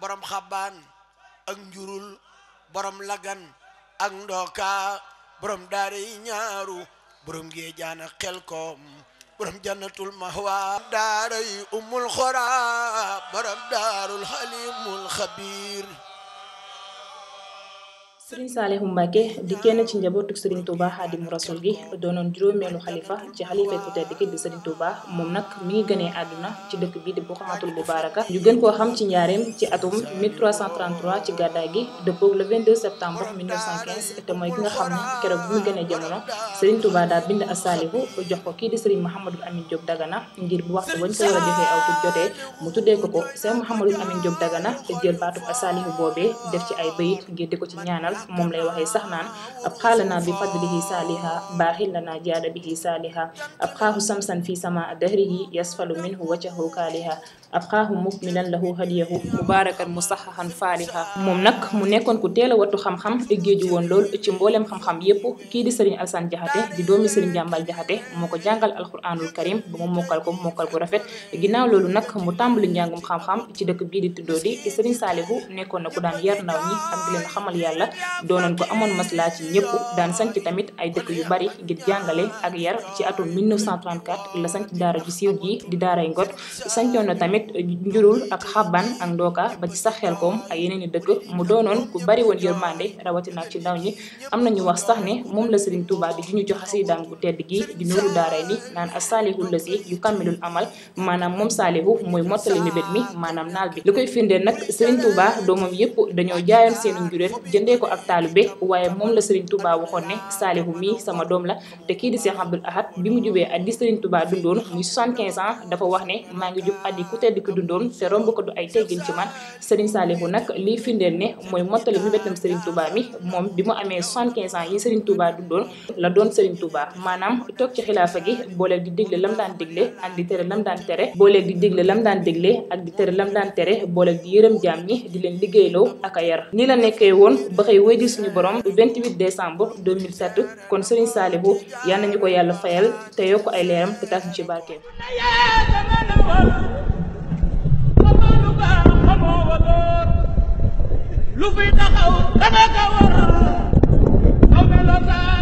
borom xabaan ak njurul borom lagan ak ndooka borom daare ñaaru borom géejaan ak xelkoom borom jannatul mahwa daara yi umul borom daarul xalimul xabir Serigne Saliou Mbacké di kenn ci njabootu Serigne Touba Xaadimu Rasul gi doonoon juróomeelu xalifa ci xalifa ku tedd ki di Serigne Touba moom nag mi ngi gënee àdduna ci dëkk bi di Buxaatul Mubaaraka ñu gën koo xam ci njaareem ci atum 1333 ci gàddaay gi dëppoog le 22 septembre 1915 te mooy ki nga xam ne keroog bu mu gënee jamono Serigne Touba daa bind a Saliou jox ko kii di Serigne Mouhamadou Amine Diop Dagana ngir bu waxtu wañ ko war a joxee aw jotee mu tuddee ko ko Serigne Mouhamadou Amine Diop Dagana jël baatub a Saliou boobee def ci ay bayit ngir di ko ci ñaanal moom lay waxee sax naan ab xaalanaa bi fadlihi saaliha baaxil lanaa jaada bihi saaliha ab xaahu samsan fii sama dahrihi yasfalu minhu waccahu kaaliha atqaahu mukmilan lahu hadiyahu mubaarakan musaxaxan faarixa moom nag mu nekkoon ku teel a wattu xam-xam géeju woon lool ci mbooleem xam-xam yépp kii di sëriñ Alsaan Jaxate di doomi sëriñ Jàmbaal Jaxate moo ko jàngal al alxuraanul karim ba mu mokkal ko mokkal gu rafet ginnaaw loolu nag mu tàmbali njàngum xam-xam ci dëkk bii di tuddoo di te sëriñ Saalihu nekkoon na ku daan yar ndaw ñi ak di leen xamal yàlla doonoon ko amoon maslaa ci ñépp daan sanc tamit ay dëkk yu bari ngir jàngale ak yar ci atum 1934 la sanc daara ju siiw ji di daaray Ngot sancoon na tamit njurul ak xaban ak ndooka ba ci sax xel koom ak yeneen i dëkk mu doonoon ku bari woon yërmande rawatina ci ndaw ñi am na ñu wax sax ne moom la Serigne Touba bi di ñu jox xasidaam gu tedd gi di Nuuru Daaray ni naan ak saalihul lasi yu kammilul amal maanaam moom saalihu mooy mottali mébét mi maanaam naal bi li koy firndee nag Serigne Touba doomam yëpp dañoo jaayoon seeni njureel jënde ko ak taalu taalube waaye moom la Serigne Touba waxoon ne saalihu mii sama doom la te kii di Cheikh Abdoul Ahad bi mu jubee at di Serigne Touba dundoon muy 75 ans dafa wax ne maa ngi jub at yi ku tedd ki dundoom te romb ko du ay teggin ci man Serigne Saliou nag lii firndeel ne mooy mottali mu bettam Serigne Touba mi moom bi mu amee 75 ans yi Serigne Touba dundoon la doon Serigne Touba maanaam toog ci xilaafa gi booleeg di digle lam daan digle ak di tere lam daan tere booleeg di digle lam daan digle ak di tere daan tere booleeg di yërëm jaam ñi di leen liggéeyloo ak a yar nii la nekkee woon ba xëy wéy di suñu borom 28 décembre 2007 kon Serigne Saliou yal nañu ko yàlla fayal te yokk ay leeram te taas ñu ci dana ko war aw melotaan